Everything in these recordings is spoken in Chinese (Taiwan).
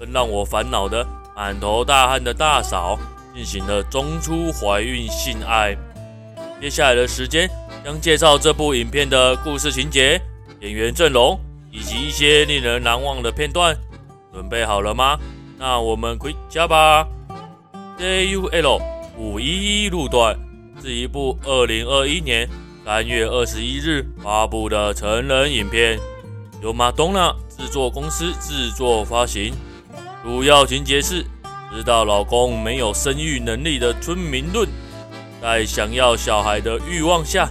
更讓我煩惱的滿頭大汗的大嫂進行了中出懷孕性愛。接下來的時間將介紹這部影片的故事情節、演員陣容以及一些令人難忘的片段。準備好了嗎？那我們回家吧。JUL 五一一路段是一部二零二一年三月二十一日發布的成人影片，由馬東娜製作公司製作發行。主要情節是，知道老公沒有生育能力的春明潤，在想要小孩的慾望下，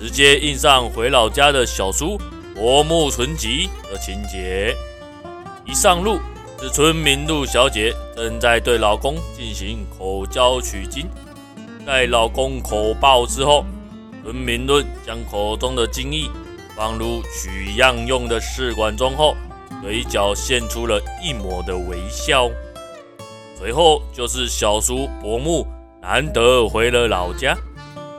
直接硬上回老家的小叔，柏木純吉的情節。一上路，是春明潤小姐正在對老公進行口交取精。在老公口爆之後，春明潤將口中的精液放入取樣用的試管中後。嘴角現出了一抹的微笑，隨後就是小叔柏木難得回了老家，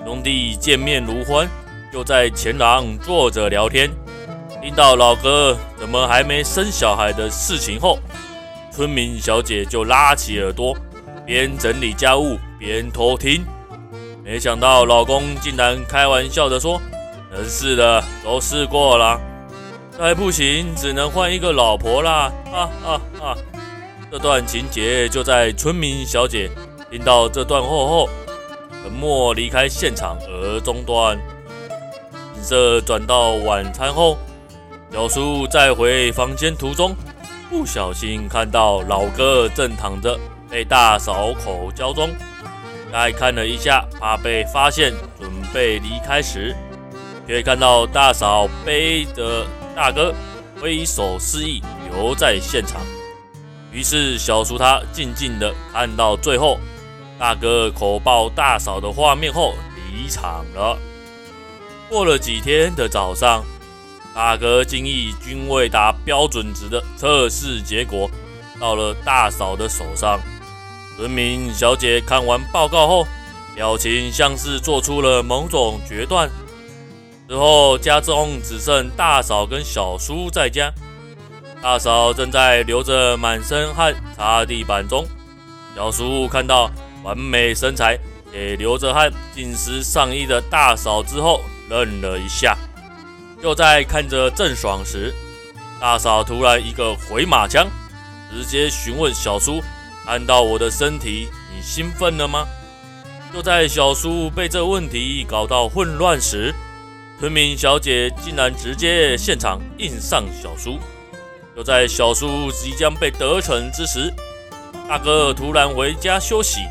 兄弟見面如歡，就在前廊坐着聊天。聽到老哥怎麼還沒生小孩的事情後，村民小姐就拉起耳朵，邊整理家務邊偷聽。沒想到老公竟然開玩笑的說：“能試的都試過了。”再不行，只能換一個老婆啦！哈哈哈。這段情節就在村民小姐聽到這段話後，後，沉默離開現場而中斷。景色轉到晚餐後，小叔在回房間途中，不小心看到老哥正躺着被大嫂口交中，再看了一下，怕被發現，準備離開時，卻看到大嫂背着。大哥揮手示意留在現場，於是小叔他靜靜的看到最後大哥口爆大嫂的畫面後離場了。過了幾天的早上，大哥精液均未達標準值的測試結果到了大嫂的手上，春明小姐看完報告後，表情像是做出了某種決斷。之後，家中只剩大嫂跟小叔在家。大嫂正在流着滿身汗擦地板中，小叔看到完美身材、給流着汗、浸濕上衣的大嫂之後，愣了一下。就在看着正爽時，大嫂突然一個回馬槍，直接詢問小叔：“看到我的身體，你興奮了嗎？”就在小叔被這問題搞到混亂時。村民小姐竟然直接現場硬上小叔，就在小叔即將被得逞之時，大哥突然回家休息，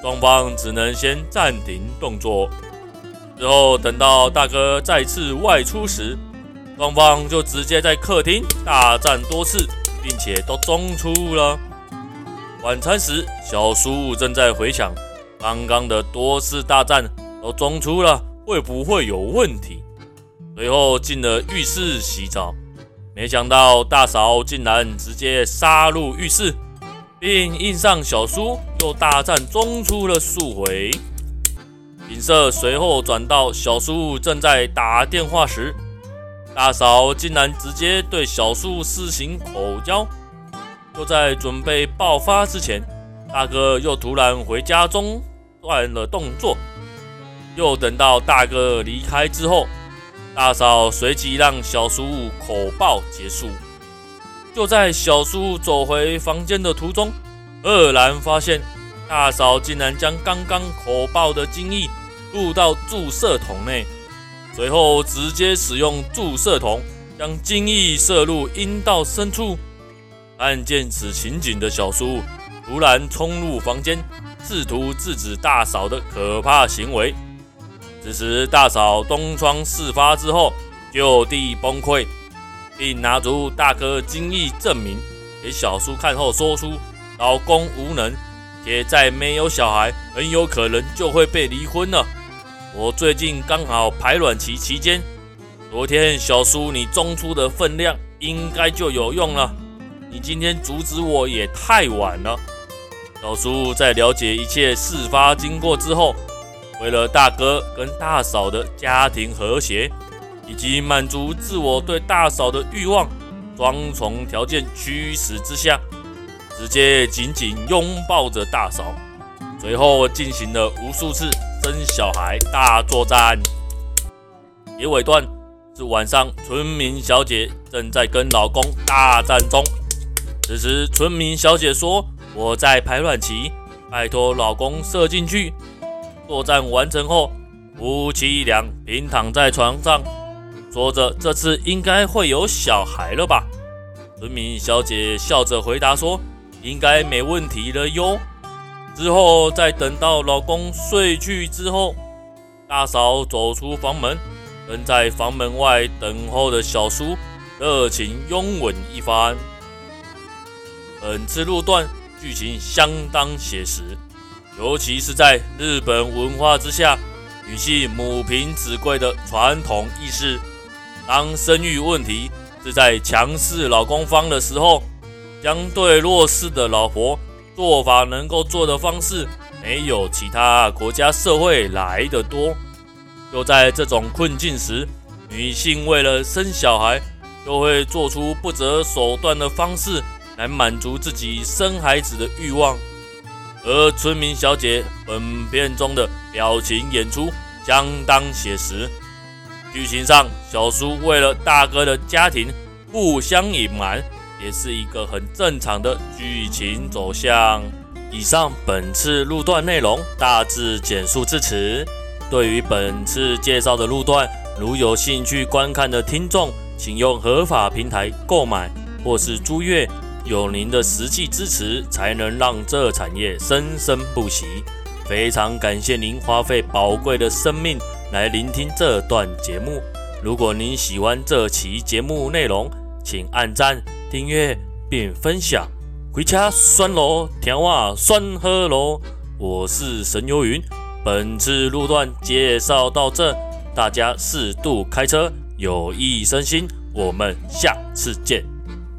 雙方只能先暫停動作。之後等到大哥再次外出時，雙方就直接在客廳大戰多次，並且都中出了。晚餐時，小叔正在回想，剛剛的多次大戰都中出了。會不會有問題？隨後進了浴室洗澡，沒想到大嫂竟然直接殺入浴室，並硬上小叔，又大戰中出了數回。景色隨後轉到小叔正在打電話時，大嫂竟然直接對小叔施行口交。就在準備爆發之前，大哥又突然回家中斷了動作。又等到大哥離開之後，大嫂隨即讓小叔口爆結束。就在小叔走回房間的途中，愕然發現大嫂竟然將剛剛口爆的精液入到注射筒內，隨後直接使用注射筒將精液射入陰道深處。但見此情景的小叔，突然衝入房間，試圖制止大嫂的可怕行為。此時，大嫂東窗事發之後，就地崩潰，並拿出大哥精液證明給小叔看後，說出老公無能，且再沒有小孩，很有可能就會被離婚了。我最近剛好排卵期期間，昨天小叔你中出的分量應該就有用了。你今天阻止我也太晚了。小叔在了解一切事發經過之後。為了大哥跟大嫂的家庭和諧，以及滿足自我對大嫂的慾望，雙重條件驅使之下，直接緊緊擁抱着大嫂，隨後進行了無數次生小孩大作戰。結尾段是晚上，村民小姐正在跟老公大戰中，此時村民小姐說：“我在排卵期，拜托老公射進去。”作戰完成後，夫妻倆平躺在床上，說着：“這次應該會有小孩了吧？”村民小姐笑着回答說：“應該沒問題了喲。”之後，在等到老公睡去之後，大嫂走出房門，跟在房門外等候的小叔熱情擁吻一番。本次路段劇情相當寫實。尤其是在日本文化之下，女性母憑子貴的傳統意識，當生育問題是在強勢老公方的時候，相對弱勢的老婆做法能夠做的方式，沒有其他國家社會來得多。就在這種困境時，女性為了生小孩，就會做出不擇手段的方式來滿足自己生孩子的慾望。而村民小姐本片中的表情演出相當寫實，劇情上小叔為了大哥的家庭互相隱瞞，也是一個很正常的劇情走向。以上本次路段內容大致簡述至此。對於本次介紹的路段，如有興趣觀看的聽眾，請用合法平台購買或是租閱。有您的實際支持，才能讓這產業生生不息。非常感謝您花費寶貴的生命來聆聽這段節目。如果您喜歡這期節目內容，請按讚、訂閱並分享。回家酸咯，甜話酸喝咯。我是神游雲，本次路段介紹到這，大家適度開車，有益身心。我們下次見。